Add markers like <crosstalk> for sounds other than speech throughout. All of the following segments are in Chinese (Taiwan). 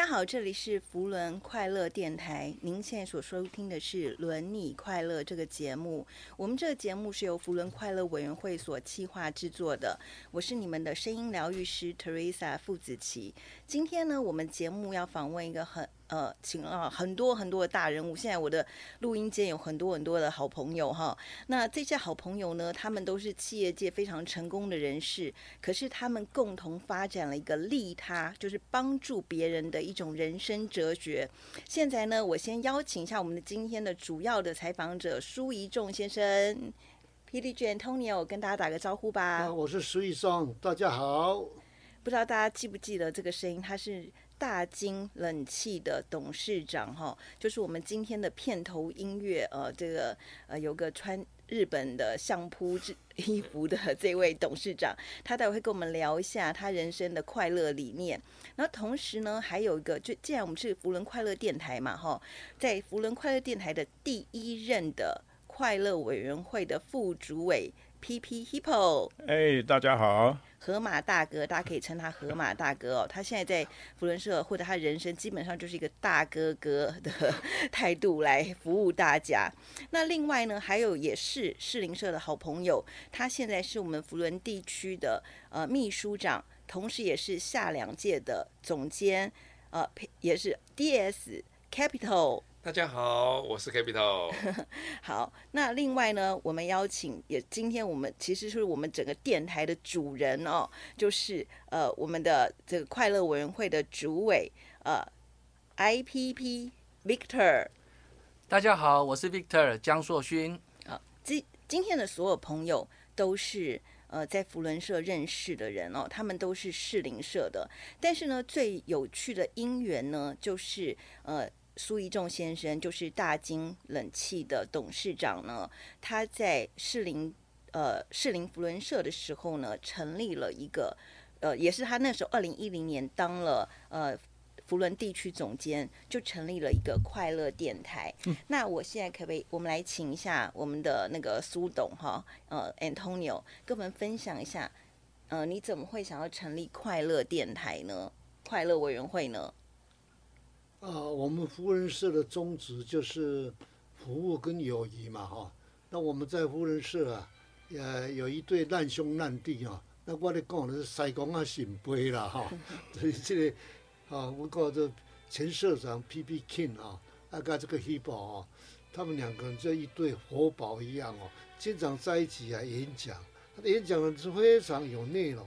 大家好，這裡是扶輪快樂電台。您現在所收聽的是《輪你快樂》這個節目。我們這個節目是由扶輪快樂委員會所企劃製作的。我是你們的聲音療癒師 Teresa 傅子綺。今天呢，我們節目要訪問一個很。呃，請了，啊、很多很多的大人物。現在我的錄音間有很多很多的好朋友哈。那這些好朋友呢，他們都是企業界非常成功的人士。可是他們共同發展了一個利他，就是幫助別人的一種人生哲學。現在呢，我先邀請一下我們的今天的主要的採訪者蘇一仲先生，PDG Antonio，我跟大家打個招呼吧。我是蘇一仲，大家好。不知道大家記不記得這個聲音，他是？大金冷氣的董事長，哈，就是我們今天的片頭音樂，呃，這個呃，有個穿日本的相撲製衣服的這位董事長，他待會會跟我們聊一下他人生的快樂理念。然後同時呢，還有一個，就既然我們是扶輪快樂電台嘛，哈，在扶輪快樂電台的第一任的。快樂委員會的副主委 P P Hippo，哎，o, hey, 大家好，河馬大哥，大家可以稱他河馬大哥哦。他現在在福倫社，或者他人生基本上就是一個大哥哥的態度來服務大家。那另外呢，還有也是世林社的好朋友，他現在是我們福倫地區的呃秘書長，同時也是下兩屆的總監，呃，也是 D S Capital。大家好，我是 Capital。 <laughs> 好，那另外呢，我們邀請也，今天我們其實是我們整個電台的主人哦，就是呃，我們的這個快樂委員會的主委呃，IPP Victor。大家好，我是 Victor 江碩勳。好，今今天的所有朋友都是呃在扶輪社認識的人哦，他們都是士林社的，但是呢，最有趣的因緣呢，就是呃。蘇一仲先生就是大金冷氣的董事長呢。他在士林，呃，士林扶輪社的時候呢，成立了一個，呃，也是他那時候二零一零年當了呃扶輪地區總監，就成立了一個快樂電台。嗯。那我現在可不可以我們來請一下我們的那個蘇董哈，呃，Antonio，跟我們分享一下，呃，你怎麼會想要成立快樂電台呢？快樂委員會呢？啊，我們扶輪社的宗旨就是服務跟友誼嘛，哈、啊。那我們在扶輪社啊，呃、啊，有一對難兄難弟啊。那我咧講咧，西貢啊，神杯啦，哈。所以這個，啊，我講這前社長 P P King 啊，阿加這個 Hipo 啊，他們兩個人像一對活寶一樣哦、啊，經常在一起啊演講。他的演講呢是非常有內容，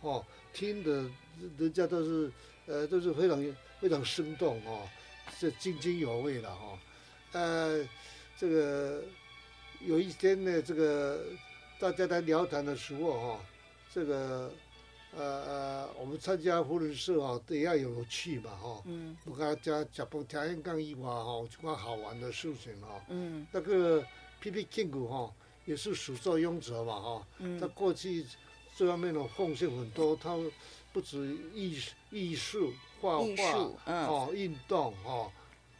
哦、啊，聽的，人家都是，呃，都、就是非常。非常生動哦，是津津有味的哈、哦。呃，這個有一天呢，這個大家來聊天的時候哈、哦，這個呃呃，我們參加扶輪社啊、哦，都要有趣吧、哦。哈。嗯。不聽聽講講不聽人講以外哈、哦，就講好玩的事情哈、哦。嗯。那個皮皮金古哈，也是始作俑者嘛哈、哦。嗯。他過去這方面的奉獻很多，他。不止藝術、藝術畫畫，嗯、哦，運動哦，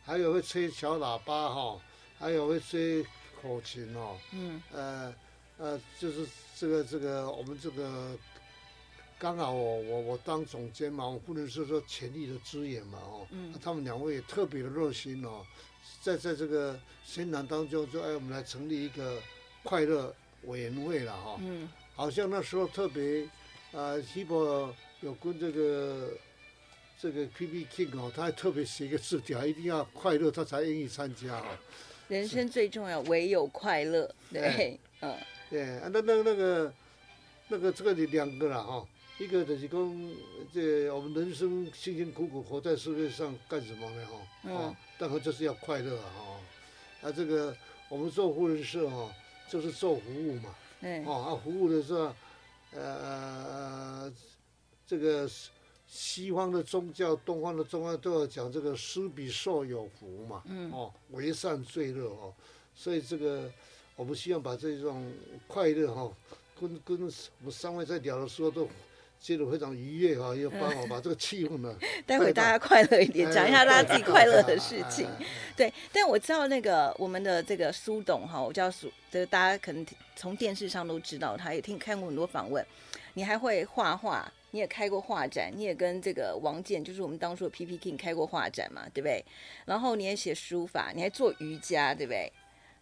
還有會吹小喇叭哈、哦，還有會吹口琴哦，嗯，呃，呃，就是這個這個我們這個剛好我我我當總監嘛，我不能說說潛力的資源嘛哦，嗯、啊，他們兩位也特別的熱心哦，在在這個宣傳當中就哎，我們來成立一個快樂委員會了哈，哦、嗯，好像那時候特別。啊，希伯、呃、有跟這個這個 P P King 哦，他還特別寫個字條，一定要快樂他才願意參加哦。人生最重要，是唯有快樂。對，對嗯，對啊，那那那個那個這個有兩個了哈、哦，一個就是跟這我們人生辛辛苦苦活在世界上幹什麼呢？哈、哦，嗯、哦，當然就是要快樂啊，哈、哦，啊這個我們做扶輪社哦，就是做服務嘛，對，哦，啊服務的是、啊。呃，這個西方的宗教、東方的宗教都要講這個“施比受有福”嘛，嗯，哦，為善最樂哦，所以這個我們希望把這種快樂哈、哦，跟跟我們三位在聊的時候都。記錄非常愉悅哈、哦，要幫我把這個氣氛呢。 <laughs> 待會大家快樂一點，講一下大家自己快樂的事情。對，但我知道那個我們的這個蘇董哈、哦，我叫蘇，這個大家可能從電視上都知道他，他也聽看過很多訪問。你還會畫畫，你也開過畫展，你也跟這個王健，就是我們當初的 P P King 開過畫展嘛，對不對？然後你也寫書法，你還做瑜伽，對不對？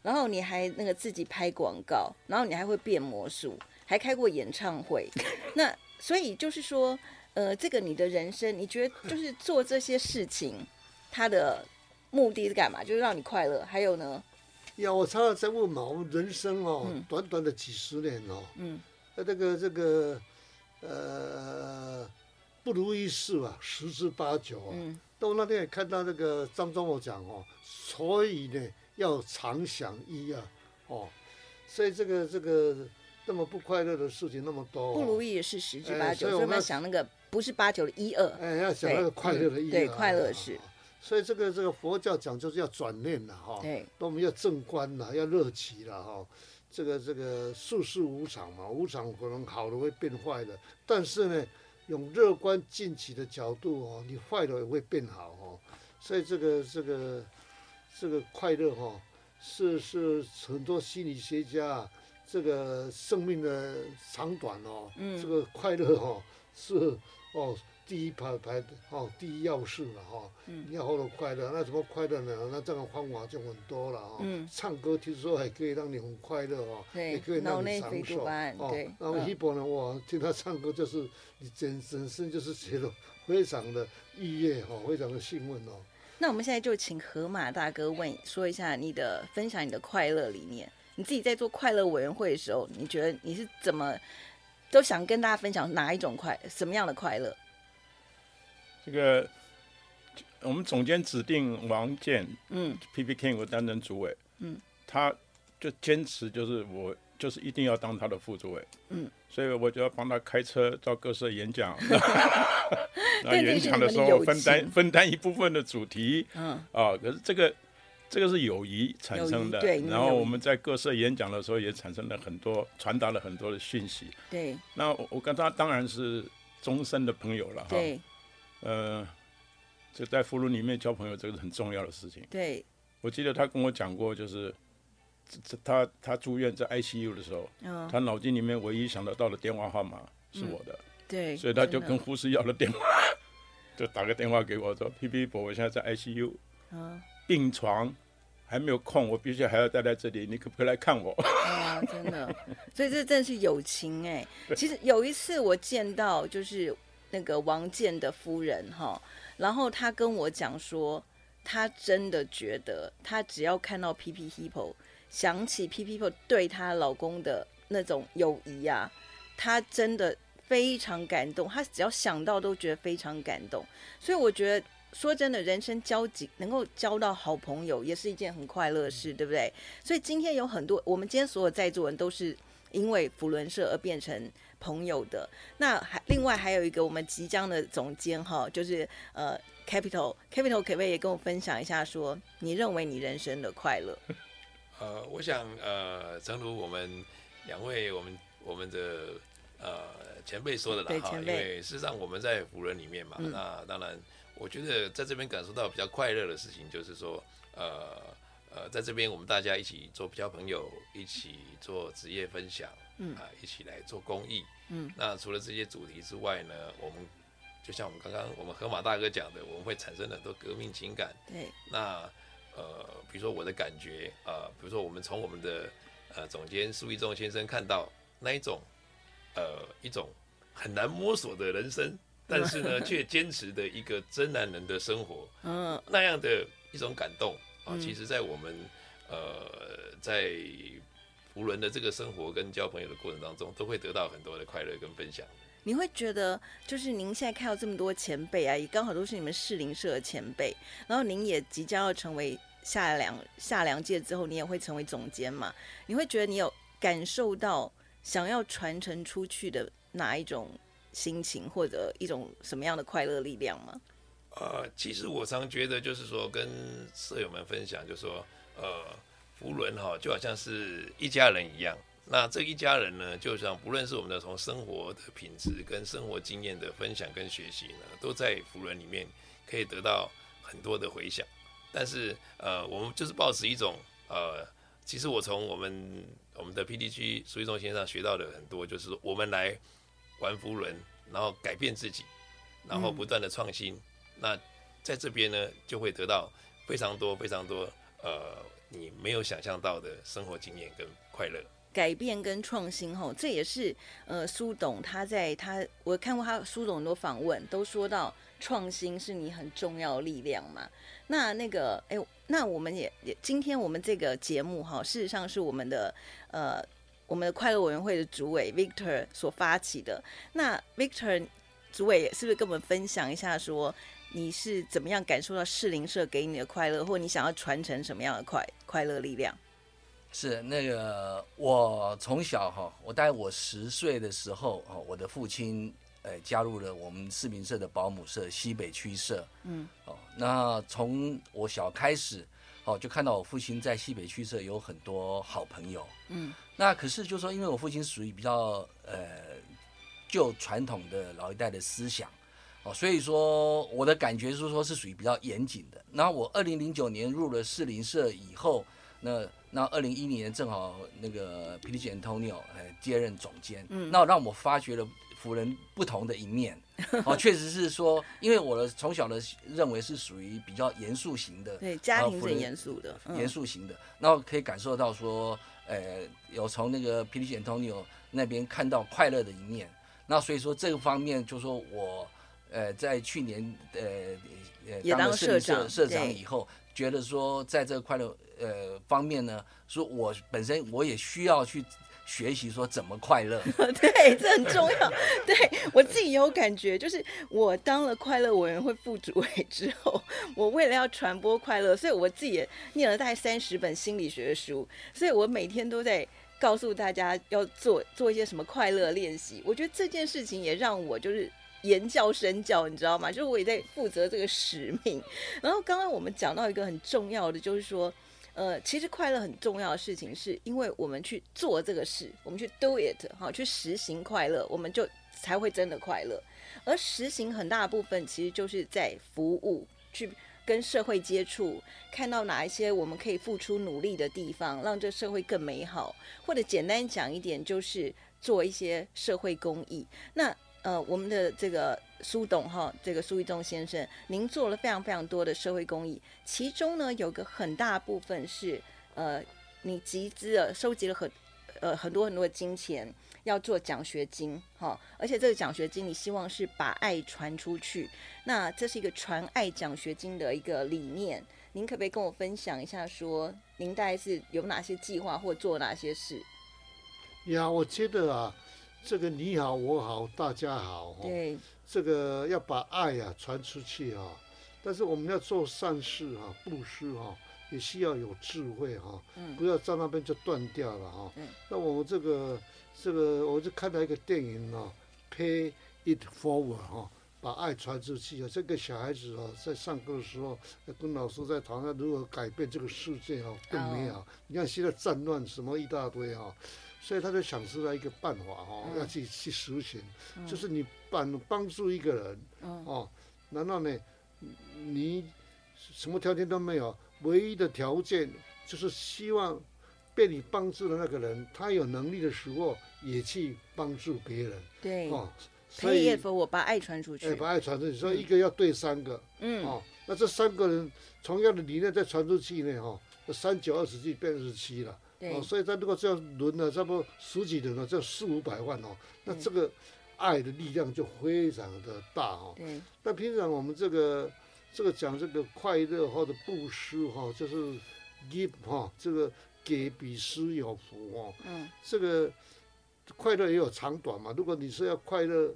然後你還那個自己拍廣告，然後你還會變魔術，還開過演唱會，那。所以就是說，呃，這個你的人生，你覺得就是做這些事情，它的目的是幹嘛？就是讓你快樂。還有呢，呀，我常常在問嘛，我們人生哦，嗯、短短的幾十年哦，嗯，呃，這、那個這個，呃，不如意事啊，十之八九啊。嗯。但我那天也看到那個張忠謀講哦，所以呢，要常想一二啊，哦，所以這個這個。這麼不快樂的事情那麼多，啊，不如意也是十之八九，欸、我，們我們要想那個不是八九的一二，哎、欸，要想到快樂的一二，對，快樂是。所以這個這個佛教講就是要轉念了，啊，哈，啊，對，我們要正觀了，啊，要樂其了哈。這個這個世事無常嘛，無常可能好的會變壞的，但是呢，用樂觀進取的角度哦，啊，你壞的也會變好哈，啊。所以這個這個這個快樂哈，啊，是是很多心理學家，啊。這個生命的長短哦，嗯、這個快樂哦，是哦第一排排哦第一要事了哈、哦。嗯、你要獲得快樂，那怎麼快樂呢？那這個方法就很多了哈、哦。嗯。唱歌聽說還可以讓你很快樂哈、哦。對。也可以讓你腦內血管對。那麼 Hipo 呢？我聽他唱歌就是，整整身就是覺得非常的愉悅哈、哦，非常的興奮哦。那我們現在就請 Hipo 大哥問說一下你的分享你的快樂理念。你自己在做快樂委員會的時候，你覺得你是怎麼都想跟大家分享哪一種快什麼樣的快樂？這個我們總監指定王健，嗯，PPK 我擔任主委，嗯，他就堅持就是我就是一定要當他的副主委，嗯，所以我就要幫他開車到各社演講，那 <laughs> <laughs> 演講的時候分擔分擔一部分的主題，嗯，啊，可是這個。這個是友誼產生的，對。然後我們在各社演講的時候也產生了很多，傳達了很多的訊息。對。那我跟他當然是終身的朋友了哈。對。呃，就在扶輪裡面交朋友，這個是很重要的事情。對。我記得他跟我講過，就是這這他他住院在 ICU 的時候，哦、他腦筋裡面唯一想得到的電話號碼是我的。嗯、對。所以他就跟護士要了電話，的 <laughs> 就打個電話給我，說：“PP 伯我現在在 ICU、哦。”啊。病床還沒有空，我必須還要待在這裡。你可不可以來看我？啊，真的，所以這真是友情哎、欸。 <laughs> 其實有一次我見到就是那個王健的夫人哈，然後她跟我講說，她真的覺得她只要看到 PP Hipo，想起 PP Hipo 對她老公的那種友誼啊，她真的非常感動。她只要想到都覺得非常感動。所以我覺得。說真的，人生交集能夠交到好朋友也是一件很快樂的事，對不對？所以今天有很多，我們今天所有在座人都是因為扶輪社而變成朋友的。那還另外還有一個，我們即將的總監哈，就是呃，Capital Capital，可不可以也跟我分享一下說，說你認為你人生的快樂？呃，我想呃，正如我們兩位我們我們的呃前輩說的啦哈，對，因為事實上我們在扶輪裡面嘛，嗯、那當然。我覺得在這邊感受到比較快樂的事情，就是說，呃呃，在這邊我們大家一起做交朋友，一起做職業分享，嗯啊，一起來做公益，嗯。那除了這些主題之外呢，我們就像我們剛剛我們河馬大哥講的，我們會產生很多革命情感。對。那呃，比如說我的感覺啊，呃，比如說我們從我們的呃總監蘇一仲先生看到那一種呃一種很難摸索的人生。但是呢，卻堅持的一個真男人的生活， <laughs> 嗯，那樣的一種感動啊。其實，在我們，呃，在扶輪的這個生活跟交朋友的過程當中，都會得到很多的快樂跟分享。你會覺得，就是您現在看到這麼多前輩啊，也剛好都是你們士林社的前輩，然後您也即將要成為下兩下兩屆之後，你也會成為總監嘛？你會覺得，你有感受到想要傳承出去的哪一種心情或者一種什麼樣的快樂力量嗎？呃，其實我常覺得，就是說跟社友們分享就是說，就說呃，扶輪哈就好像是一家人一樣。那這一家人呢，就像不論是我們的從生活的品質跟生活經驗的分享跟學習呢，都在扶輪裡面可以得到很多的回響。但是呃，我們就是保持一種呃，其實我從我們我們的 PDG 蘇一仲先生學到的很多，就是我們來。玩扶輪，然後改變自己，然後不斷的創新。嗯、那在這邊呢，就會得到非常多、非常多，呃，你沒有想象到的生活經驗跟快樂。改變跟創新，哈，這也是呃，蘇董他在他，我看過他蘇董很多訪問，都說到創新是你很重要力量嘛。那那個，哎，那我們也也，今天我們這個節目，哈，事實上是我們的呃。我們的快樂委員會的主委 Victor 所發起的，那 Victor 主委是不是跟我們分享一下，說你是怎麼樣感受到士林社給你的快樂，或你想要傳承什麼樣的快快樂力量？是那個我從小哈，我大概我十歲的時候，我的父親呃加入了我們士林社的保姆社西北區社，嗯，哦，那從我小開始，哦，就看到我父親在西北區社有很多好朋友，嗯。那可是，就是說因為我父親屬於比較呃舊傳統的老一代的思想哦，所以說我的感覺是說是屬於比較嚴謹的。然後我二零零九年入了士林社以後，那那二零一零年正好那個 PDG Antonio 接任總監，嗯、那讓我發覺了夫人不同的一面哦，確實是說，因為我的從小的認為是屬於比較嚴肅型的，對家庭是嚴肅的，嚴、嗯、肅型的，那我可以感受到說。呃，有從那個皮利簡通牛那邊看到快樂的一面，那所以說這個方面就是說我，呃，在去年呃呃當了社，也當社長、社長以後，對覺得說在這個快樂呃方面呢，說我本身我也需要去。學習說怎麼快樂， <laughs> 對，這很重要。 <laughs> 對我自己也有感覺，就是我當了快樂委員會副主委之後，我為了要傳播快樂，所以我自己也念了大概三十本心理學的書，所以我每天都在告訴大家要做做一些什麼快樂練習。我覺得這件事情也讓我就是言教身教，你知道嗎？就是我也在負責這個使命。然後剛剛我們講到一個很重要的，就是說，呃，其實快樂很重要的事情是，因為我們去做這個事，我們去 do it 好，去實行快樂，我們就才會真的快樂。而實行很大部分其實就是在服務，去跟社會接觸，看到哪一些我們可以付出努力的地方，讓這社會更美好。或者簡單講一點，就是做一些社會公益。那呃，我們的這個蘇董哈，這個蘇一仲先生，您做了非常非常多的社會公益，其中呢，有個很大部分是，呃，你集資了，收集了很，呃，很多很多的金錢，要做獎學金哈，而且這個獎學金你希望是把愛傳出去，那這是一個傳愛獎學金的一個理念，您可不可以跟我分享一下說，說您大概是有哪些計劃或做哪些事？呀，我記得啊。這個你好，我好，大家好、哦。對，這個要把愛呀、啊、傳出去啊。但是我們要做善事啊，布施啊，也需要有智慧哈、啊。嗯。不要在那邊就斷掉了哈、啊。嗯、那我這個，這個，我就看到一個電影啊，Pay It Forward 哈、啊，把愛傳出去啊。這個小孩子啊，在上課的時候，跟老師在討論如何改變這個世界哈、啊，更美好。哦、你看現在戰亂什麼一大堆哈、啊。所以他就想出來一個辦法哈、哦，要、嗯、去去實行。嗯、就是你幫幫助一個人，嗯、哦，難道呢？你什麼條件都沒有，唯一的條件就是希望被你幫助的那個人，他有能力的時候也去幫助別人。對，哦，所以 Pay It Forward，我把愛傳出去，把愛傳出去，所以、嗯、一個要對三個，嗯，哦，那這三個人同樣的理念再傳出去呢，哈、哦，三九二十計變成二十七了。對哦，所以他如果這樣輪了，差不多十幾年了，這四五百萬哦，對那這個愛的力量就非常的大哦。對。那平常我們這個這個講這個快樂或者布施哈、哦，就是 give 哈、哦，這個給比施有福哦。嗯。這個快樂也有長短嘛，如果你是要快樂。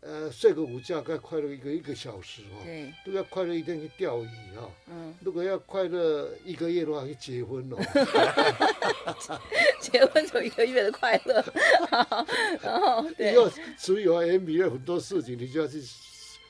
呃，睡個午覺，該快樂一個一個小時哦。對，要快樂一天去釣魚啊、哦，嗯，如果要快樂一個月的話，去結婚咯。結婚就一個月的快樂， <laughs> <laughs> 然後對。你要只有 MBA 很多事情，你就要去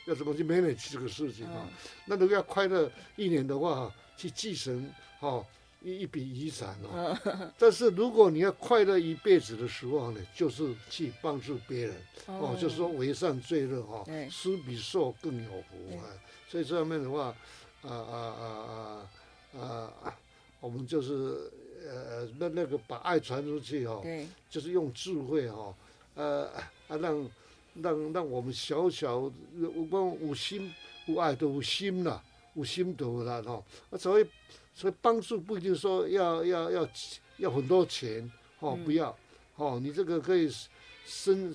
要怎麼去 manage 這個事情啊？嗯、那如果要快樂一年的話，去繼承哈。哦一一筆遺產哦， <laughs> 但是如果你要快樂一輩子的時候呢，就是去幫助別人 <laughs> 哦，哦就是說為善最樂哈、哦，施對比受更有福啊。對所以這方面的話，呃呃呃、啊啊啊啊啊，我們就是呃那那個把愛傳出去哦，對就是用智慧哈、哦，呃、啊、讓讓讓我們小小，我們有心有愛都有心啦，有心都有力哈，所、啊、以。所以幫助不一定說要要要要很多錢哦，不要、嗯、哦，你這個可以生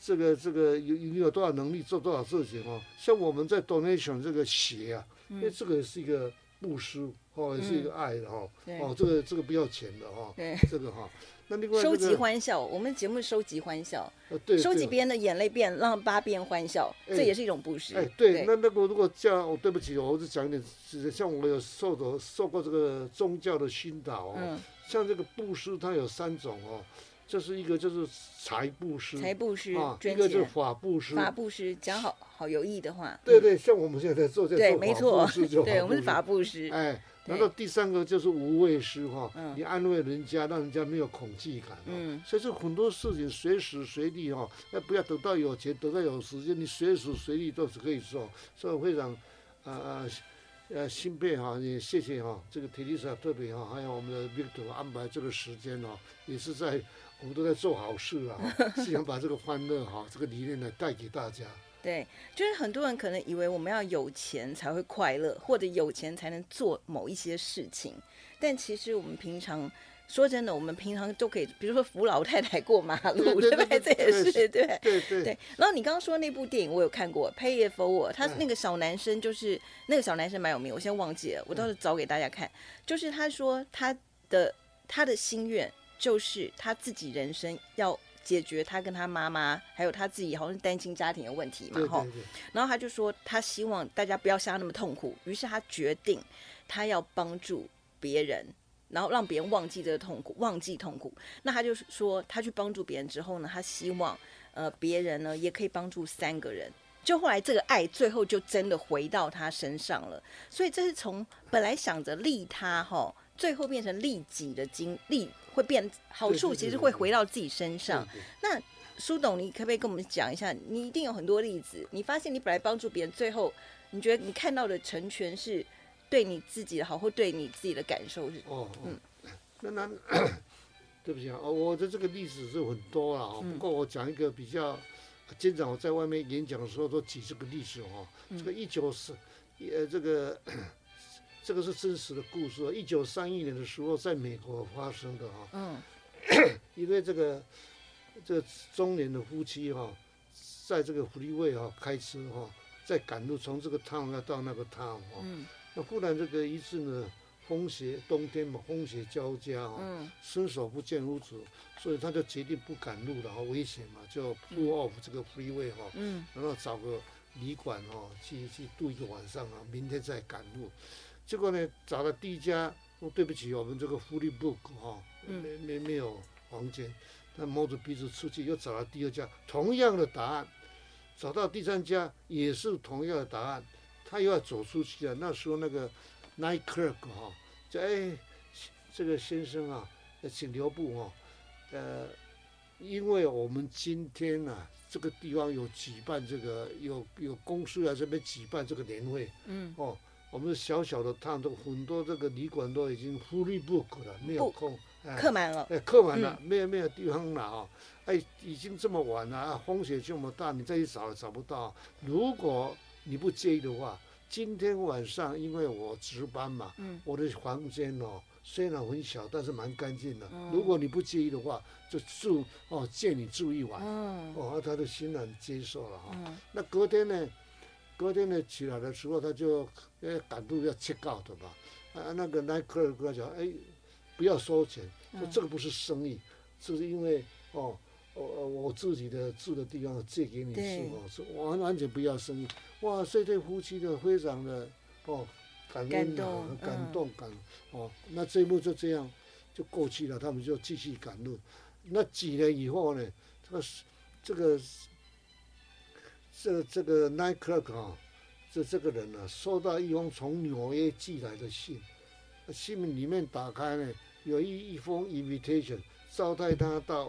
這個這個有有、這個、有多少能力做多少事情哦。像我們在 Donation 這個企業、啊，嗯、因為這個也是一個。布施哦，也是一個愛的哈哦，這個這個不要錢的哈，這個哈、哦對這個。那另外、那個、收集歡笑，我們節目收集歡笑。呃、哦，對，收集別人的眼淚，變讓八變歡笑，欸、這也是一種布施。哎、欸，對，對那那個如果這樣，我、哦、對不起，我只講一點。像我有受過受過這個宗教的熏陶，哦，嗯、像這個布施，它有三種哦。這是一個就是財布施，財布施啊，一個就是法布施，法布施講好好有益的話。對對，像我們現在在做這個。對，沒錯。對我們是法布施。哎，然後第三個就是無畏施哈，你安慰人家，讓人家沒有恐懼感。嗯，所以說很多事情隨時隨地哈，那不要等到有錢，等到有時間，你隨時隨地都是可以做。所以非常，啊啊，呃，欣慰哈，也謝謝哈，這個 Teresa 特別哈，還有我們的 Victor 安排這個時間哈，也是在。我們都在做好事啊，是想把這個歡樂哈， <laughs> 這個理念呢帶給大家。對，就是很多人可能以為我們要有錢才會快樂，或者有錢才能做某一些事情，但其實我們平常說真的，我們平常都可以，比如說扶老太太過馬路，對不對？對、對。這也是對，對對、對、對。然後你剛剛說那部電影我有看過《Pay It Forward》，他那個小男生就是、哎、那個小男生蠻有名，我先忘記了，我到時候找給大家看。嗯、就是他說他的他的心願，就是他自己人生要解決他跟他媽媽還有他自己好像是單親家庭的問題嘛哈，對對對，然後他就說他希望大家不要像他那麼痛苦，於是他決定他要幫助別人，然後讓別人忘記這個痛苦，忘記痛苦。那他就是說他去幫助別人之後呢，他希望呃別人呢也可以幫助三個人。就後來這個愛最後就真的回到他身上了，所以這是從本來想着利他哈、哦，最後變成利己的經歷。會變好處，其實會回到自己身上。那蘇董，你可不可以跟我們講一下？你一定有很多例子，你發現你本來幫助別人，最後你覺得你看到的成全是對你自己的好，或對你自己的感受是哦？哦嗯，那那 <laughs> 對不起啊，我的這個例子是很多了啊。不過我講一個比較經常我在外面演講的時候都舉、哦嗯、這個例子哦，這個一九四呃這個。 <coughs> 這個是真實的故事啊！一九三一年的時候，在美國發生的哈、啊。嗯。因為這個這個中年的夫妻哈、啊，在這個 freeway 哈開車哈、啊，在趕路，從這個 town 要到那個 town 哈、啊。嗯。那忽然這個一次呢，風雪冬天嘛，風雪交加哈、啊，嗯、伸手不見五指，所以他就決定不趕路了啊，危險嘛，就 pull off 這個 freeway 哈，嗯，然後找個旅館哈、啊，去去度一個晚上啊，明天再趕路。結果呢，找了第一家，哦，對不起，我們這個福利部哈，沒沒沒有房間，他摸着鼻子出去，又找了第二家，同樣的答案，找到第三家也是同樣的答案，他又要走出去啊。那時候那個 night clerk 哈，就哎，這個先生啊，請留步哈，哦，呃，因為我們今天啊，這個地方有舉辦這個，有有公司在這邊舉辦這個年會，嗯，哦。我們小小的探頭，很多這個旅館都已經忽略不可了，沒有空，客滿了，哎，客滿了，嗯、沒有沒有地方了啊、哦！哎，已經這麼晚了，風雪這麼大，你再去找找不到。如果你不介意的話，今天晚上因為我值班嘛，嗯、我的房間哦，雖然很小，但是蠻乾淨的。嗯、如果你不介意的話，就住哦，借你住一晚，嗯、哦，啊、他都欣然接受了啊、哦。嗯、那隔天呢？隔天呢，起來的時候他就哎趕路要 check out 對吧？啊，那個耐克爾哥講哎，不要收錢，嗯、說這個不是生意，就是因為哦，我我自己的住的地方借給你住對哦，說完全不要生意。哇，這對夫妻都非常的哦感，恩感動，感動、嗯、感哦。那這一幕就這樣就過去了，他們就繼續趕路。那幾年以後呢，這個這個。這這個 night clerk 哈，這這個人呢、啊，收到一封從紐約寄來的信，信裡面打開呢，有一一封 invitation，招待他到，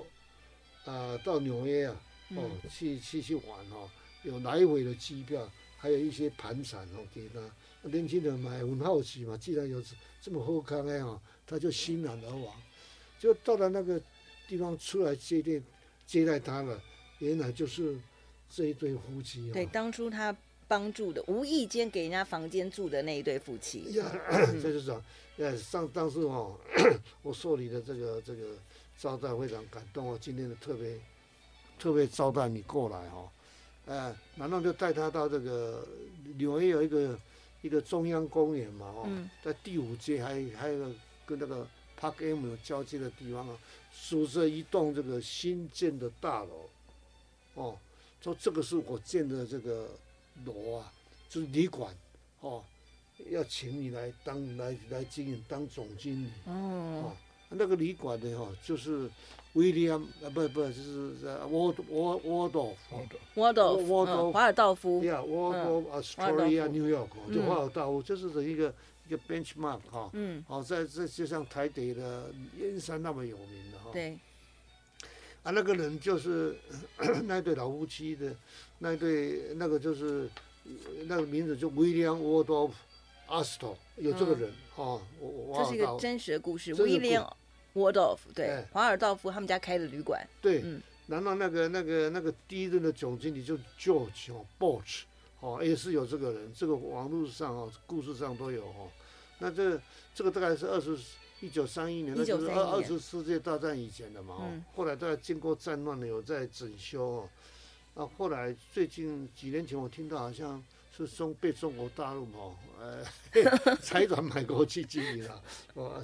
啊、呃，到紐約啊，哦，去去去玩哦，有來回的機票，還有一些盤纏 o、哦、給他、那、啊、年輕人嘛，很好奇嘛，既然有這麼好康的哦，他就欣然而往，就到了那個地方，出來接待接待他了，原來就是。這一對夫妻、啊、對當初他幫助的，無意間給人家房間住的那一對夫妻，嗯、這就是說、啊，呃，上當時哦，我受你的這個這個招待非常感動哦，今天特別特別招待你過來哦，呃，然後就帶他到這個紐約有一個一個中央公園嘛哦，嗯、在第五街還還有個跟那個 Park M 有交接的地方啊，宿着一棟這個新建的大樓哦。說這個是我建的這個樓啊，就是旅館，哦，要請你來當來來經營，當總經理。嗯、哦。那個旅館的哦，就是威廉，呃，不不，就是 w 沃沃爾道夫。沃爾、yeah, 嗯、道夫。嗯。沃爾道夫。對呀，Waldorf Astoria，New York，就華爾道夫，就是等一個一個 benchmark 哈、哦。嗯。哦、在在就像台北的圓山那麼有名的哈。哦、對。啊，那個人就是 <coughs> 那一對老夫妻的，那一對那個就是那個名字叫 William Waldorf Astor。有這個人、嗯、哦。這是一個真實的故事故，William Waldorf 對華爾、欸、道夫他們家開的旅館。對，嗯，然後那個那個那個第一任的總經理就叫 George Borch，哦，也是有這個人，這個網絡上啊、哦，故事上都有哦。那這這個大概是二十。一九三一年，那就是二二次世界大戰以前的嘛，嗯、後來在經過戰亂了，有在整修，那、啊、後來最近幾年前我聽到好像是中被中國大陸嘛，呃、哎，財、欸、團買過去經營了、 <laughs> 啊，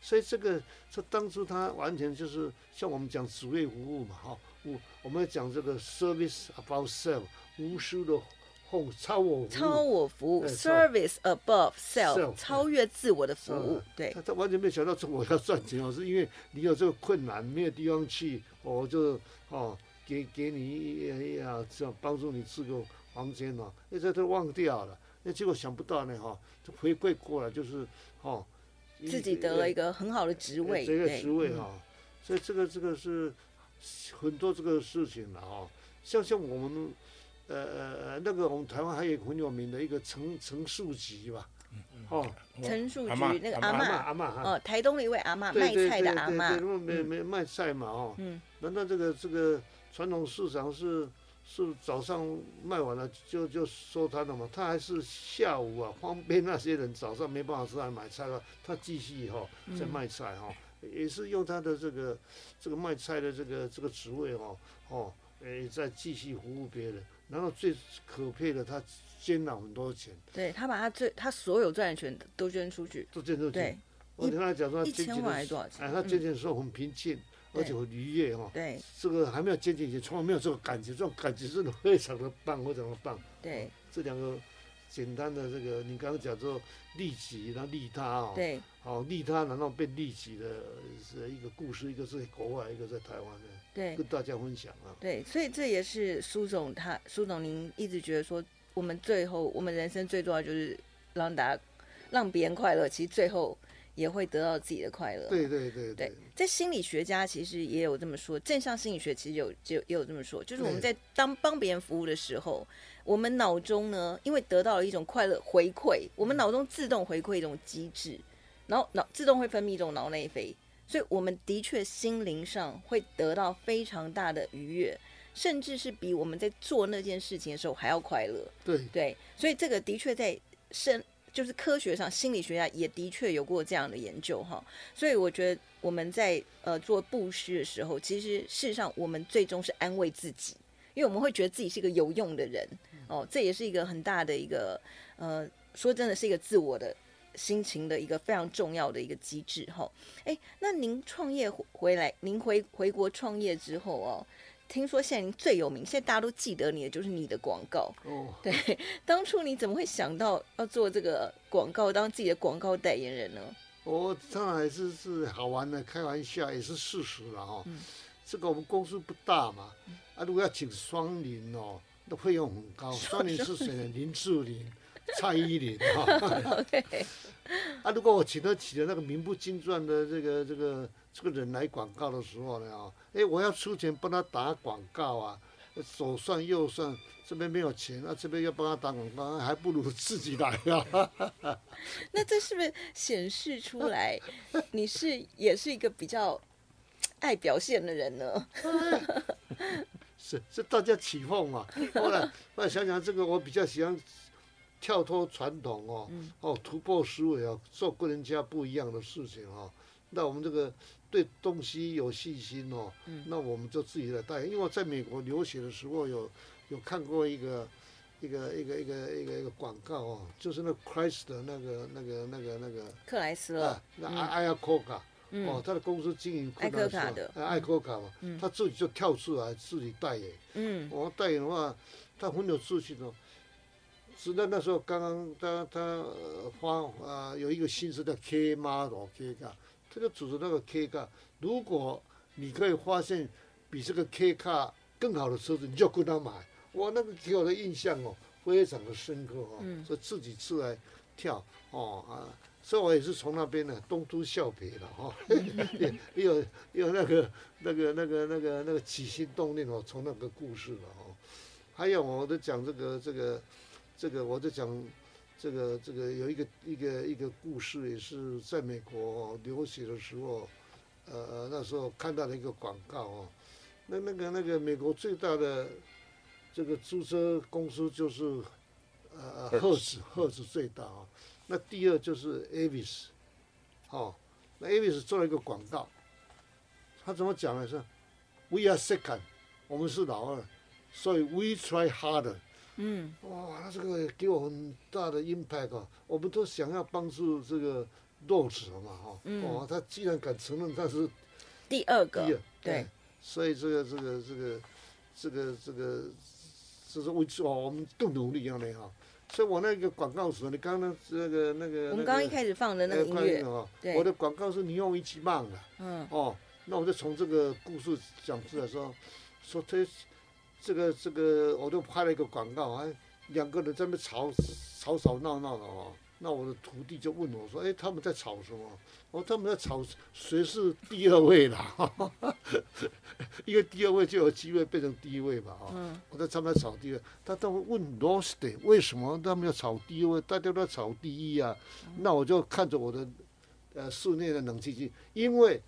所以這個，這當初他完全就是像我們講職業服務嘛，哈、哦，我我們要講這個 Service Above Self，無私的。哦，超我服務，service above self，sell、超越自我的服務。啊、對，他他完全沒想到，說我要賺錢哦，嗯、是因為你有這個困難，沒有地方去，我就哦，給給你，哎、欸、呀，這樣幫助你住個房間嘛，那、哦、這、欸、都忘掉了，那、欸、結果想不到呢哈，這、哦、回饋過來就是哦，自己得了一個很好的職位，這、欸欸、個職位哈、嗯哦，所以這個這個是很多這個事情了哈、哦，像像我們。呃呃，呃，那個我們台灣還有很有名的一個陳陳樹菊吧，哦，陳樹菊那個阿嬤，阿嬤，哦，台東的一位阿嬤，賣菜的阿嬤，沒沒賣菜嘛，哦，難道這個這個傳統市場是是早上賣完了就就收攤了嗎？他還是下午啊，方便那些人早上沒辦法出來買菜了，他繼續以後在賣菜哈，也是用他的這個這個賣菜的這個這個職位哈，哦，誒，在繼續服務別人。然後最可佩的，他捐了很多錢。對，他把他最他所有賺的錢都捐出去，都捐出去。對，一我跟他講說他捐，一千萬還多少錢？哎、他捐錢的時候很平靜，嗯、而且很愉悅哈、哦。對，這個還沒有捐錢前從來沒有這個感覺，這種感覺真的非常的棒，非常的棒。對、嗯，這兩個簡單的這個，你剛剛講說利己然後利他啊、哦。對。好利他，然後被利己的，是一個故事，一個是國外，一個在台灣的，對，跟大家分享啊。對，所以這也是蘇總他蘇總，您一直覺得說，我們最後我們人生最重要就是讓大家讓別人快樂，其實最後也會得到自己的快樂，啊對。對對對。對，對，在心理學家其實也有這麼說，正向心理學其實有就也有這麼說，就是我們在當幫別人服務的時候，對我們腦中呢，因為得到了一種快樂回饋，我們腦中自動回饋一種機制。然後腦自動會分泌一種腦內啡，所以我們的確心靈上會得到非常大的愉悅，甚至是比我們在做那件事情的時候還要快樂。對對，所以這個的確在生就是科學上，心理學上也的確有過這樣的研究哈。所以我覺得我們在呃做布施的時候，其實事實上我們最終是安慰自己，因為我們會覺得自己是一個有用的人哦，這也是一個很大的一個呃，說真的是一個自我的。心情的一個非常重要的一個機制哈，哎、哦，那您創業回來，您回回國創業之後哦，聽說現在您最有名，現在大家都記得你的就是你的廣告哦。對，當初你怎麼會想到要做這個廣告，當自己的廣告代言人呢？我、哦、當然還是是好玩的，開玩笑也是事實了哈、哦。嗯、這個我們公司不大嘛，啊，如果要請雙林哦，那費用很高，說雙林是誰呢？林志玲。 <laughs> 蔡依林啊、哦、OK，啊，如果我請得起的那個名不經傳的這個這個這個人來廣告的時候呢，哎、欸，我要出錢幫他打廣告啊，左算右算，這邊沒有錢，那、啊、這邊要幫他打廣告，還不如自己來啊。 <laughs> 那這是不是顯示出來你是也是一個比較愛表現的人呢？是、啊、是，是大家起鬨嘛。後來後來想想，這個我比較喜歡。跳脫傳統哦，嗯、哦，突破思維哦，做跟人家不一樣的事情哈、哦。那我們這個對東西有信心哦，嗯、那我們就自己來代言。因為我在美國留學的時候有有看過一個一個一個一個一個一個廣告哦，就是那 Christ 的那個那個那個那個克萊斯勒，啊，那艾科卡，嗯、哦，嗯、他的公司經營困難。艾科卡的，啊、艾科卡嘛，他、嗯、自己就跳出來自己代言。嗯，我代言的話，他很有自信哦。是的，在那時候剛剛他他呃放啊，有一個新式叫 K 瑪龍、哦、K 卡，他就組織那個 K 卡，如果你可以發現比這個 K 卡更好的車子，你就跟他買。我那個給我的印象哦，非常的深刻哦。所以、嗯、自己出來跳哦啊，所以我也是從那邊呢東突小北、哦、效顰了哈。有有那個那個那個那個那個起心動念哦，從那個故事了哦。還有我在講這個這個。這個我在講，這個這個有一個一個一個故事，也是在美國留、哦、學的時候，呃，那時候看到的一個廣告哦，那那個那個美國最大的這個租車公司就是呃 Hertz，Hertz 最大啊、哦，那第二就是 Avis，哦，那 Avis 做了一個廣告，他怎麼講呢？是，We are second，我們是老二，所以 We try harder。嗯，哇，那這個給我很大的 impact 哦，我們都想要幫助這個弱者嘛，哈，哦，他、嗯、既然敢承認他是第二，第二個，對，嗯、所以這個這個這個這個這個就是我哦，我們更努力一樣的哈。所以，我那個廣告是，你剛剛那個那個，那個、我們剛，剛一開始放的那個，誒那個音樂哈，誒對我的廣告是你用一起半了，嗯，哦，那我就從這個故事講出來說，對說他。這個這個，我都拍了一個廣告，哎，兩個人在那吵、吵吵吵鬧、鬧鬧的哦。那我的徒弟就問我說：“哎，他們在吵什麼？哦，他們在吵誰是第二位啦？ <laughs> <laughs> 因為第二位就有機會變成第一位吧，哦？啊，嗯，我說他們在吵第二，他都會問 r o s t、e, 為什麼他們要吵第二位，大家都要吵第一啊。嗯，那我就看着我的呃室內的冷氣機，因為。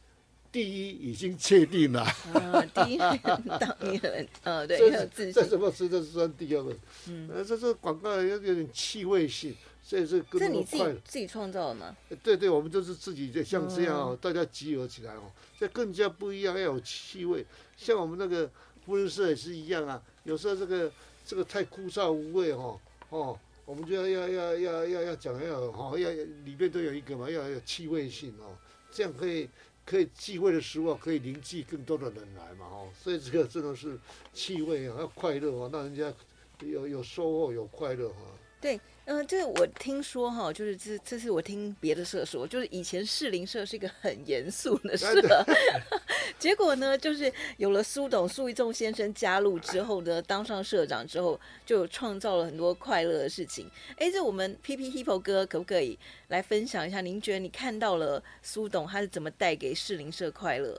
第一已經確定了，啊，第一當很當第一很當，對，這這是什麼這是算第二嗯，啊、這這廣告有點趣味性，所以這麼這都快自己創、欸、造的嗎？欸、對對，我們就是自己就像這樣、喔、大家集合起來哦、喔，這、嗯、更加不一樣，要有趣味。像我們那個婚攝也是一樣啊，有時候這個這個太枯燥無味哈、喔，哦、喔，我們就要要要要要要講要哈，要，要，要，要，要，要，、喔、要裡邊都有一個嘛，要，要有趣味性哦、喔，這樣可以。可以聚會的時候，可以凝聚更多的人來嘛，哦，所以這個真的是聚會啊，要快樂啊，讓人家有有收穫，有快樂啊。對，嗯、呃，這個我聽說哈，就是這這是我聽別的社說，就是以前士林社是一個很嚴肅的社。哎 <laughs> 結果呢，就是有了蘇董蘇一仲先生加入之後呢，當上社長之後，就創造了很多快樂的事情。哎，這我們 PP Hipo 哥可不可以來分享一下？您覺得你看到了蘇董他是怎麼帶給士林社快樂？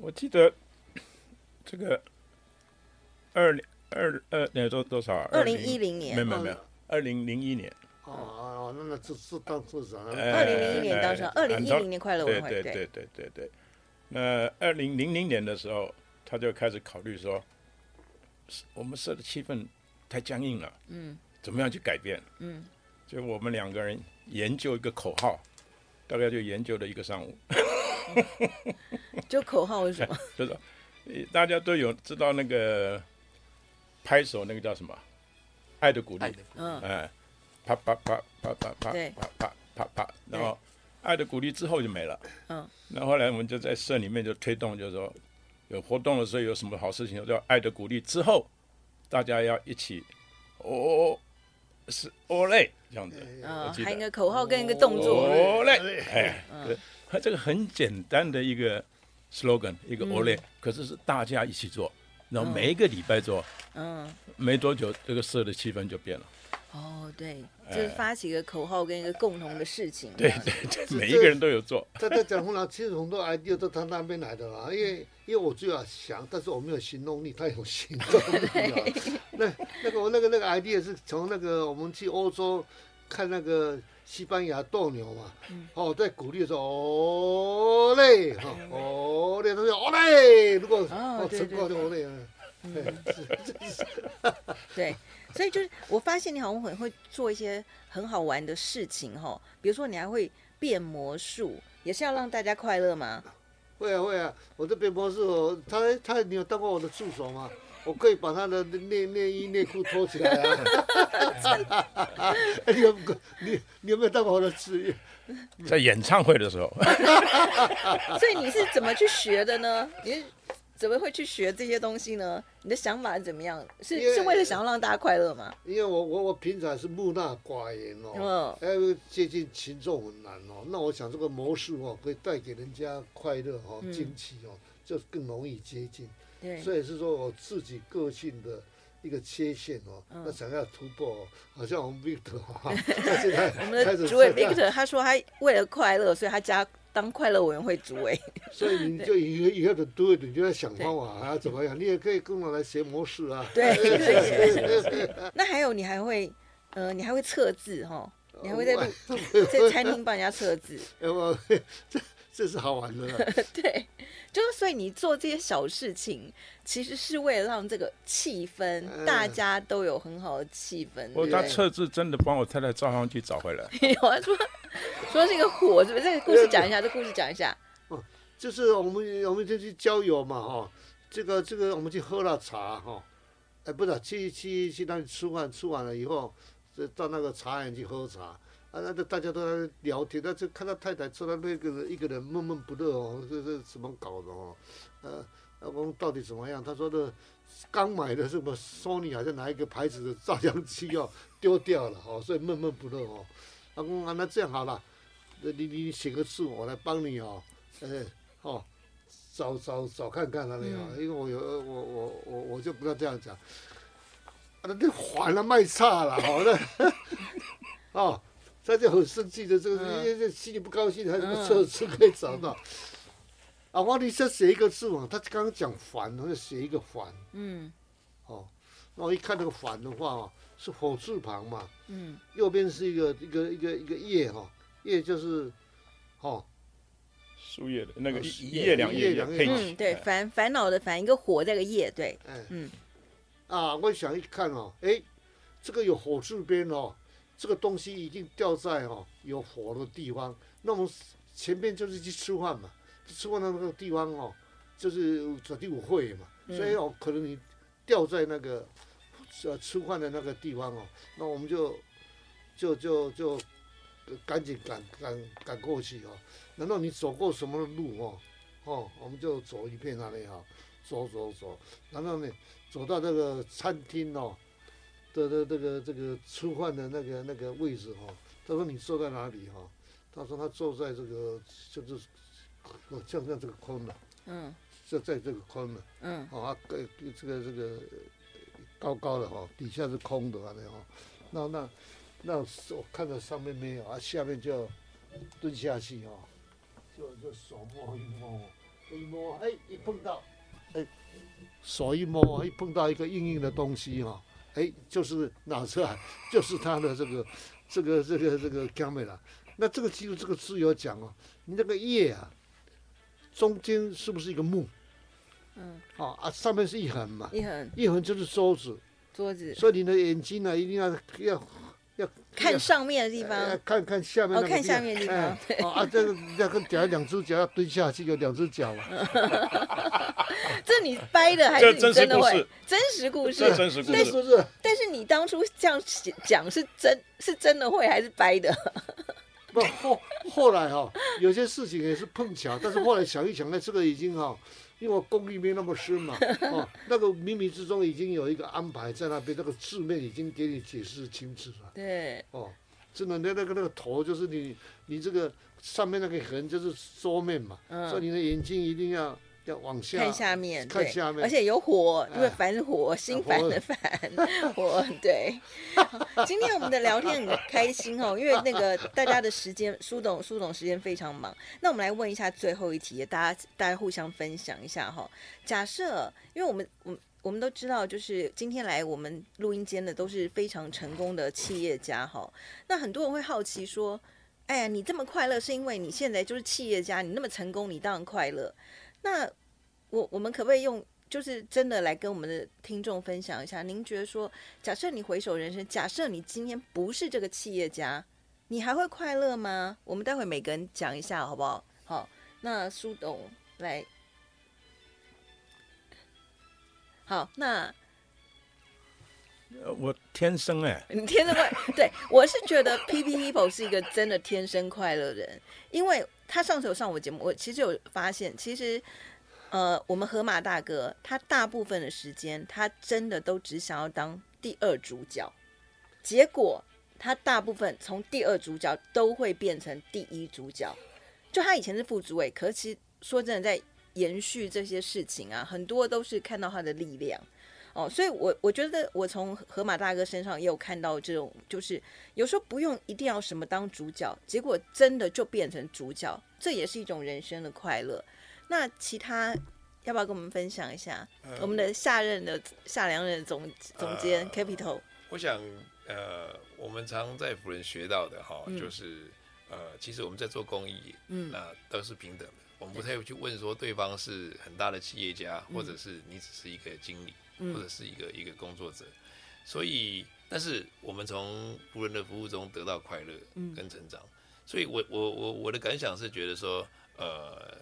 我記得這個二零二二、呃，多少多、啊、少？2010年，二零一零年？沒有沒，沒有，二零零一年。哦，那個、是是那個、是當初啥？哎、二零零一年，當時、哎、二零一零年快樂委員會，對對對對對對。對對對對，那二零零零年的時候，他就開始考慮說，我們社的氣氛太僵硬了，嗯，怎麼樣去改變？嗯，就我們兩個人研究一個口號，大概就研究了一個上午。嗯、 <laughs> 就口號是什麼？ <laughs> 就是大家都有知道那個拍手，那個叫什麼？愛的鼓勵，嗯，哎、嗯。啪啪啪啪啪啪啪啪啪，然後愛的鼓勵之後就沒了。嗯，那後來我們就在社裡面就推動，就是說有活動的時候，有什麼好事情，叫愛的鼓勵之後，大家要一起哦哦是哦嘞，這樣子啊，喊一個口號跟一個動作哦嘞，哎，他這個很簡單的一個 slogan，一個哦嘞，可是是大家一起做，然後每一個禮拜做，嗯，沒多久這個社的氣氛就變了。哦，對，就是發起一個口號跟一個共同的事情、嗯，對對，對，每一個人都有做。在他 <laughs> 講紅狼，其實很多 idea 都他那邊來的啦，嗯、因為因為我就要想，但是我沒有行動力，他有行動力、啊。對。 <laughs> 那個、那個那個那個 idea 是從那個我們去歐洲看那個西班牙鬥牛嘛，嗯、哦，在鼓勵的時候，哦嘞，哈、哦，哦嘞，他說哦嘞，如果哦，哦成功就哦嘞。對嗯，嗯 <laughs> 對。所以就是，我發現你好像很會做一些很好玩的事情哦。比如說你還會變魔術，也是要讓大家快樂嗎？會啊會啊，我的變魔術他他，你有當過我的助手嗎？我可以把他的內內衣內褲脫起來啊！哈哈哈！你有你你有沒有當過我的職業？在演唱會的時候。 <laughs> <laughs> 所以你是怎麼去學的呢？你？怎麼會去學這些東西呢？你的想法是怎麼樣？是為是為了想要讓大家快樂嗎？因為我我我平常是木訥寡言哦，嗯，哎，接近群眾很難哦。那我想這個魔術，哦，可以帶給人家快樂哦、驚奇、嗯、哦，就更容易接近。對，所以是說我自己個性的一個缺陷哦，那、oh. 想要突破、哦，好像我們 Victor 啊、哦， <laughs> 但是他我們的 <laughs> 主委 Victor，他說他為了快樂，所以他加。當快樂委員會主委，所以你就以後以後的多一點，對你就在想方法啊，對怎麼樣？你也可以跟我來學魔術啊。對，也可以，那還有你還會，呃，你還會測字哈，哦哦，你還會在路在愛餐廳幫人家測字。 <laughs> 這是好玩的 <laughs> 對，就是所以你做這些小事情，其實是為了讓這個氣氛，呃、大家都有很好的氣氛。呃、對我他測字真的幫我太太照相機找回來。 <laughs> 說說這個火 <laughs> 是不是？這個故事講一下，有這故事講一下、嗯。就是我們我們去去郊遊嘛哈，這個這個我們去喝了茶哈，哎、欸、不是去去去，去那裡吃飯，吃完了以後，就到那個茶園去喝茶。啊，那大家都在聊天，但就看到太太出來，那個一個人悶悶不樂哦，這是怎麼搞的哦？呃、啊、老、啊、公到底怎麼樣？他說的剛買的是什麼 Sony 啊，還是哪一個牌子的照相機哦，丟掉了哦，所以悶悶不樂哦。老、啊、公啊，那這樣好了，你你寫個字，我來幫你哦，哎、欸，哦，找找找看看那、啊、裡、哦嗯、因為我有我我我我就不要這樣講、啊，那你還了賣差了，好的，哦。 <laughs> 他就很生氣的，這個這心裡不高興，他這個測字可以找到。啊，王老師寫一個字嘛，他剛剛講煩，他就寫一個煩。嗯。哦，那我一看那個煩的話啊，是火字旁嘛。嗯。右邊是一個一個一個一個葉哈，葉就是，哦，樹葉的那個葉兩葉配。嗯，對，煩煩惱的煩，一個火在一個葉，對。嗯。啊，我想一看哦，哎，這個有火字邊哦。這個東西一定掉在哈、哦、有火的地方，那我們前面就是去吃飯嘛，吃飯的那個地方哦，就是在第五會嘛，嗯、所以哦可能你掉在那個呃吃飯的那個地方哦，那我們就就就就，就趕緊趕趕趕過去哦，然後你走過什麼路哦，哦我們就走一遍那裡哈，走走走，然後你走到那個餐廳哦。這的這個這個吃飯的那個那個位置哈、哦，他說你坐在哪裡哈、哦？他說他坐在這個就是，我站、嗯、在這個空的，嗯，在在這個空的，嗯，啊，這個這個高高的哈、哦，底下是空的、啊哦、那那那那手看到上面沒有啊，下面就蹲下去哈、哦嗯，就就手摸一摸，一摸哎一碰到，哎，手一摸一碰到一個硬硬的東西哈、哦。哎，就是哪子啊，就是他的這個、這個、這個、這個肝美了。那這個“基”這個字要講哦，你那個“葉”啊，中間是不是一個木？嗯，好啊，上面是一橫嘛，一橫，一橫就是桌子，桌子。所以你的眼睛呢、啊，一定要要。要看上面的地方，呃、看看下面。哦，看下面的地方、呃對 哦。啊，這個這個腳兩隻腳要蹲下去，有兩隻腳嘛。這你掰的還是你真的會？真實故事。真實故事。呃、是不是但是但是你當初這樣講是真是真的會還是掰的？不 <laughs> 後後來哈、哦，有些事情也是碰巧，但是後來想一想呢，那這個已經哈、哦。因為我功力沒那麼深嘛， <laughs> 哦，那個冥冥之中已經有一個安排在那邊，那個字面已經給你解釋清楚了。對，哦，真的，那那個那個頭就是你，你這個上面那個橫就是桌面嘛，嗯，所以你的眼睛一定要。往下看下面，下面對，而且有火，因為煩火，心煩的煩火，對。今天我們的聊天很開心哦， <laughs> 因為那個大家的時間，蘇 <laughs> 董蘇董時間非常忙。那我們來問一下最後一題，大家大家互相分享一下哈、哦。假設，因為我們我我們都知道，就是今天來我們錄音間的都是非常成功的企業家哈。那很多人會好奇說，哎，呀，你這麼快樂是因為你現在就是企業家，你那麼成功，你當然快樂。那我我們可不可以用，就是真的來跟我們的聽眾分享一下？您覺得說，假設你回首人生，假設你今天不是這個企業家，你還會快樂嗎？我們待會每個人講一下，好不好？好，那蘇董來，好，那，呃，我天生哎，你天生快，對，我是覺得 PP Hipo 是一個真的天生快樂人，因為他上次有上我節目，我其實有發現，其實。呃，我們河馬大哥，他大部分的時間，他真的都只想要當第二主角，結果他大部分從第二主角都會變成第一主角。就他以前是副主委，可是其實說真的，在延續這些事情啊，很多都是看到他的力量哦。所以我，我我覺得我從河馬大哥身上也有看到這種，就是有時候不用一定要什麼當主角，結果真的就變成主角，這也是一種人生的快樂。那其他要不要跟我們分享一下？嗯、我們的下任的下兩任總總監、呃、Capital，我想呃，我們常在扶輪學到的哈，嗯、就是呃，其實我們在做公益，嗯，那都是平等的。我們不太會去問說對方是很大的企業家，對或者是你只是一個經理，嗯、或者是一個一個工作者。所以，但是我們從扶輪的服務中得到快樂，跟成長。嗯、所以我，我我我我的感想是覺得說，呃。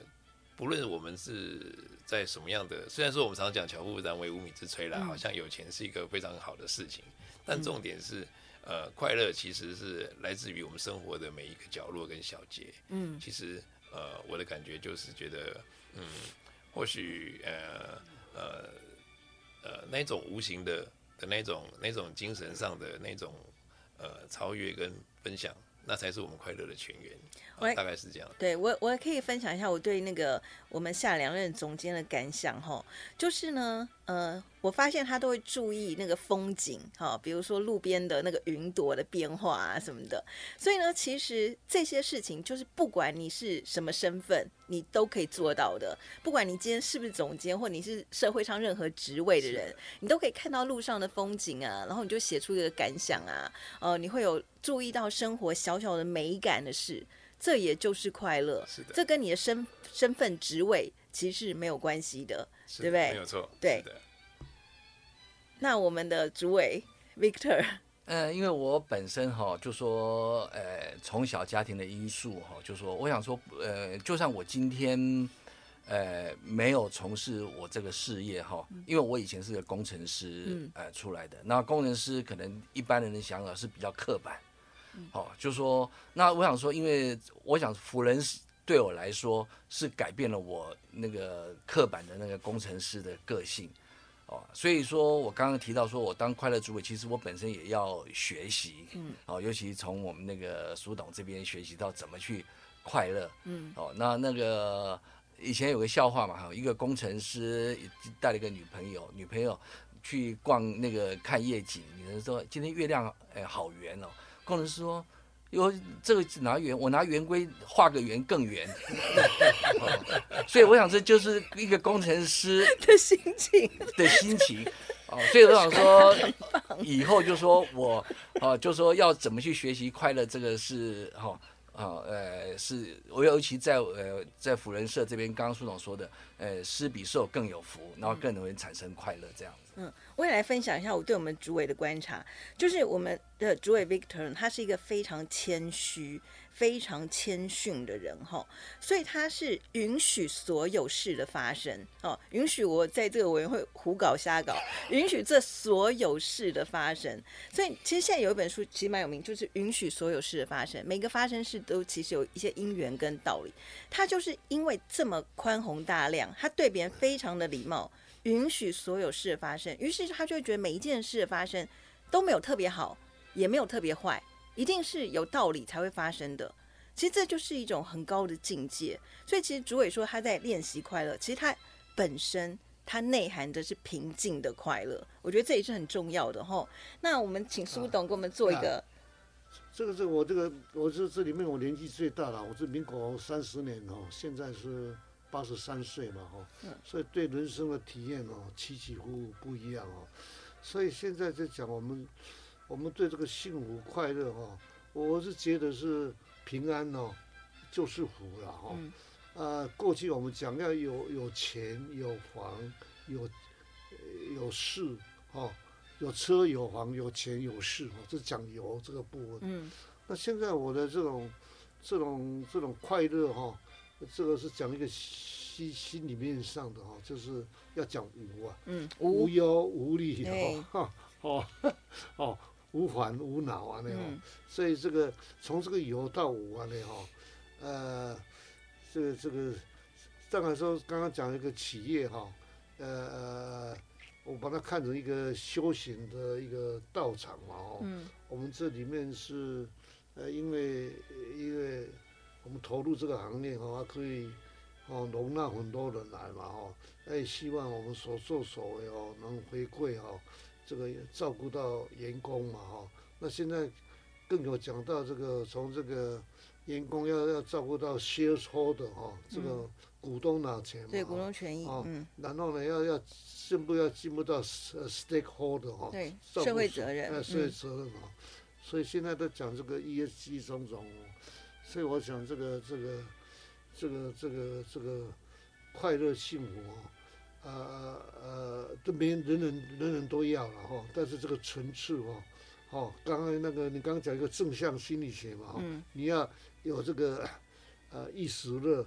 不論我們是在什麼樣的，雖然說我們常講“巧婦難為無米之炊”啦，嗯、好像有錢是一個非常好的事情，但重點是，嗯、呃，快樂其實是來自於我們生活的每一個角落跟小節。嗯，其實呃，我的感覺就是覺得，嗯，或許呃呃呃，那種無形的的那種那種精神上的那種呃超越跟分享。那才是我們快樂的泉源還，大概是這樣。對我，我也可以分享一下我對那個我們下兩任總監的感想吼，就是呢，呃。我發現他都會注意那個風景，哈，比如說路邊的那個雲朵的變化啊什麼的。所以呢，其實這些事情就是不管你是什麼身份，你都可以做到的。不管你今天是不是總監，或你是社會上任何職位的人，是的，你都可以看到路上的風景啊，然後你就寫出一個感想啊，呃，你會有注意到生活小小的美感的事，這也就是快樂。是的，這跟你的身身份職位其實是沒有關係的，是的，對不對？沒有錯，對。那我們的主委 Victor，呃，因為我本身哈就說，呃，從小家庭的因素哈，就說我想說，呃，就算我今天，呃，沒有從事我這個事業哈，因為我以前是個工程師，呃，出來的。嗯、那工程師可能一般人的想法是比較刻板，哦，就說那我想說，因為我想扶輪對我來說是改變了我那個刻板的那個工程師的個性。哦，所以說我剛剛提到說，我當快樂主委，其實我本身也要學習，嗯，哦，尤其從我們那個蘇董這邊學習到怎麼去快樂，嗯，哦，那那個以前有個笑話嘛，哈，一個工程師帶了一個女朋友，女朋友去逛那個看夜景，有人說今天月亮哎好圓哦，工程師說。有這個只拿圓，我拿圓規畫個圓更圓，哦，所以我想這就是一個工程師的心情的心情，所以我想說以後就說我，啊，就說要怎麼去學習快樂這個是，哦啊、哦，呃，是，尤尤其在呃，在扶輪社這邊，剛剛蘇總說的，呃，施比受更有福，然後更容易產生快樂，這樣子。嗯，我也來分享一下我對我們主委的觀察，就是我們的主委 Victor，他是一個非常謙虛。非常謙遜的人哈，所以他是允許所有事的發生哦，允許我在這個委員會胡搞瞎搞，允許這所有事的發生。所以其實現在有一本書其實蠻有名，就是允許所有事的發生，每個發生事都其實有一些因緣跟道理。他就是因為這麼寬宏大量，他對別人非常的禮貌，允許所有事的發生，於是他就會覺得每一件事的發生都沒有特別好，也沒有特別壞。一定是有道理才會發生的，其實這就是一種很高的境界。所以其實主委說他在練習快樂，其實他本身他內涵的是平靜的快樂，我覺得這也是很重要的哈。那我們請蘇董給我們做一個。啊啊、這個是、這個、我這個我是這裡面我年紀最大了，我是民國三十年哦、喔，現在是八十三歲嘛哈、喔，嗯、所以對人生的體驗哦、喔，起起伏伏不，不一樣哦、喔，所以現在就講我們。我們對這個幸福快樂哈，我是覺得是平安哦，就是福了哈。啊、嗯呃，過去我們講要有有錢有房有有事，哈，有車有房有錢有事。哈，這是講有這個部分。嗯、那現在我的這種這種這種快樂哈，這個是講一個心心裡面上的哈，就是要講無啊，嗯、無憂無慮哈，哦。無煩無惱啊，那哦、嗯，所以這個從這個有到無啊，呢哈，呃，這個這個，正好說剛剛講一個企業哈、啊，呃，我把它看成一個修行的一個道場嘛，哦、嗯，我們這裡面是呃，因為因為我們投入這個行業哈、啊，可以哦、呃、容納很多人來嘛，哦，也希望我們所作所為哦能回饋哈、啊。這個照顧到員工嘛、哦，哈，那現在更有講到這個，從這個員工要要照顧到 shareholders 哈、哦，這個股東拿錢嘛，嗯、對股東權益，哦、嗯，然後呢，要要,先不要進步要進步到 stakeholder 哈、哦，對顧社會責任，嗯、啊，社會責任哈、哦，嗯、所以現在都講這個 ESG 種種，所以我想這個這個這個這個這個快樂幸福啊、哦。呃呃呃，這、呃、邊人人人人都要了哈，但是這個層次哦，哦，剛剛那個你剛剛講一個正向心理學嘛哈，嗯、你要有這個呃一時樂，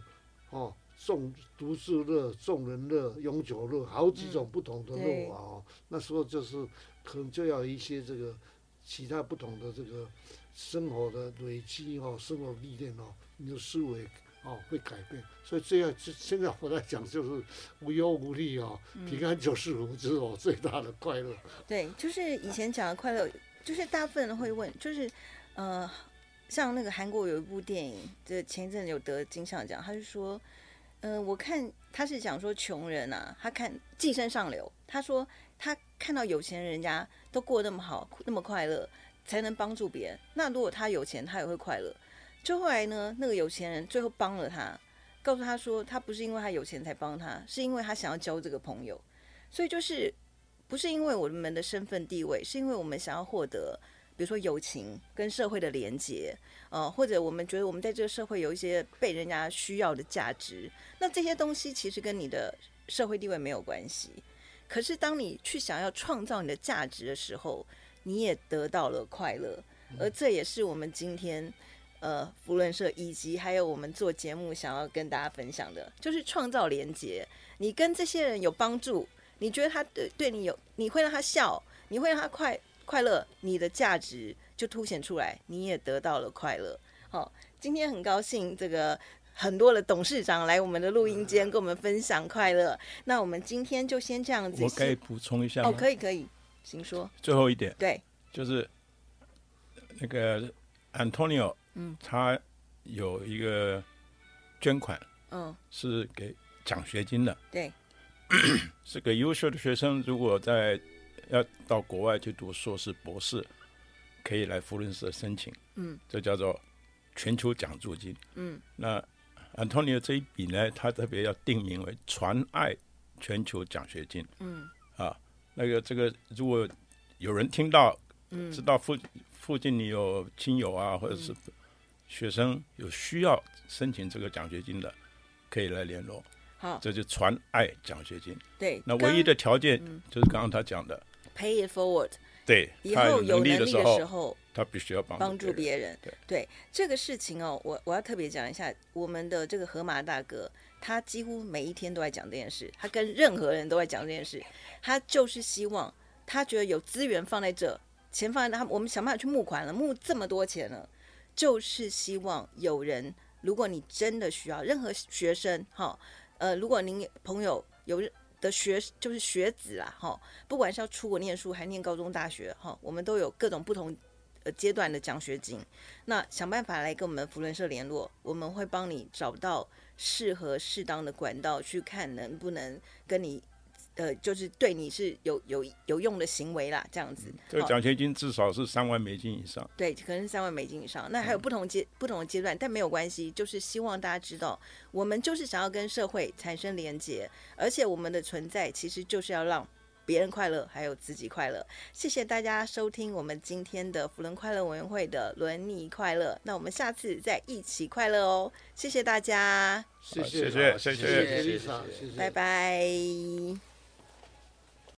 哦，眾獨自樂，眾人樂，永久樂，好幾種不同的樂啊哦，嗯、那時候就是可能就要一些這個其他不同的這個生活的累積哦，生活歷練哦，你的思維。哦，會改變，所以這樣，現在我在講就是無憂無慮啊，平安就是福，這是我最大的快樂。嗯、對，就是以前講的快樂，就是大部分人會問，就是呃，像那個韓國有一部電影，就前一陣有得金像獎，他就說，嗯，我看他是講說窮人啊，他看寄生上流，他說他看到有錢人家都過那麼好，那麼快樂，才能幫助別人。那如果他有錢，他也會快樂。最後來呢，那個有錢人最後幫了他，告訴他說，他不是因為他有錢才幫他，是因為他想要交這個朋友。所以就是，不是因為我們的身份地位，是因為我們想要獲得，比如說友情跟社會的連接，呃，或者我們覺得我們在這個社會有一些被人家需要的價值。那這些東西其實跟你的社會地位沒有關係。可是當你去想要創造你的價值的時候，你也得到了快樂，而這也是我們今天。呃，扶輪社以及還有我們做節目想要跟大家分享的，就是創造連接。你跟這些人有幫助，你覺得他對對你有，你會讓他笑，你會讓他快快樂，你的價值就凸顯出來，你也得到了快樂。好、哦，今天很高興，這個很多的董事長來我們的錄音間跟我們分享快樂。那我們今天就先這樣子。我可以補充一下哦？可以可以，請說。最後一點，嗯、對，就是那個 Antonio。嗯，他有一個捐款，嗯，是給獎學金的。哦。對，是給優秀的學生，如果在要到國外去讀碩士、博士，可以來扶輪社申請。嗯，這叫做全球獎助金。嗯，那 Antonio 這一筆呢，他特別要定名為傳愛全球獎學金。嗯，啊，那個這個如果有人聽到，知道附附近你有親友啊，或者是，嗯。學生有需要申請這個獎學金的，可以來聯絡。好，這就是傳愛獎學金。對，那唯一的條件就是剛剛他講的，pay it forward。嗯嗯、對，以後有能力的時候，他必須要幫助幫助別人。對，對，這個事情哦，我我要特別講一下，我們的這個河馬大哥，他幾乎每一天都在講這件事，他跟任何人都在講這件事，他就是希望，他覺得有資源放在這，錢放在那他，我們想辦法去募款了，募這麼多錢了。就是希望有人，如果你真的需要，任何學生哈、哦，呃，如果您朋友有的學就是學子啦，哈、哦，不管是要出國念書還念高中大學哈、哦，我們都有各種不同階段的獎學金，那想辦法來跟我們扶輪社聯絡，我們會幫你找到適合適當的管道去看能不能跟你。呃，就是對你是有有有用的行為啦，這樣子。這個獎學金至少是三萬美金以上。哦、對，可能是三萬美金以上。嗯、那還有不同階不同的階段，但沒有關係。就是希望大家知道，我們就是想要跟社會產生連結，而且我們的存在其實就是要讓別人快樂，還有自己快樂。謝謝大家收聽我們今天的扶輪快樂委員會的輪你快樂。那我們下次再一起快樂哦。謝謝大家，謝謝，謝謝，謝謝，謝謝，拜拜。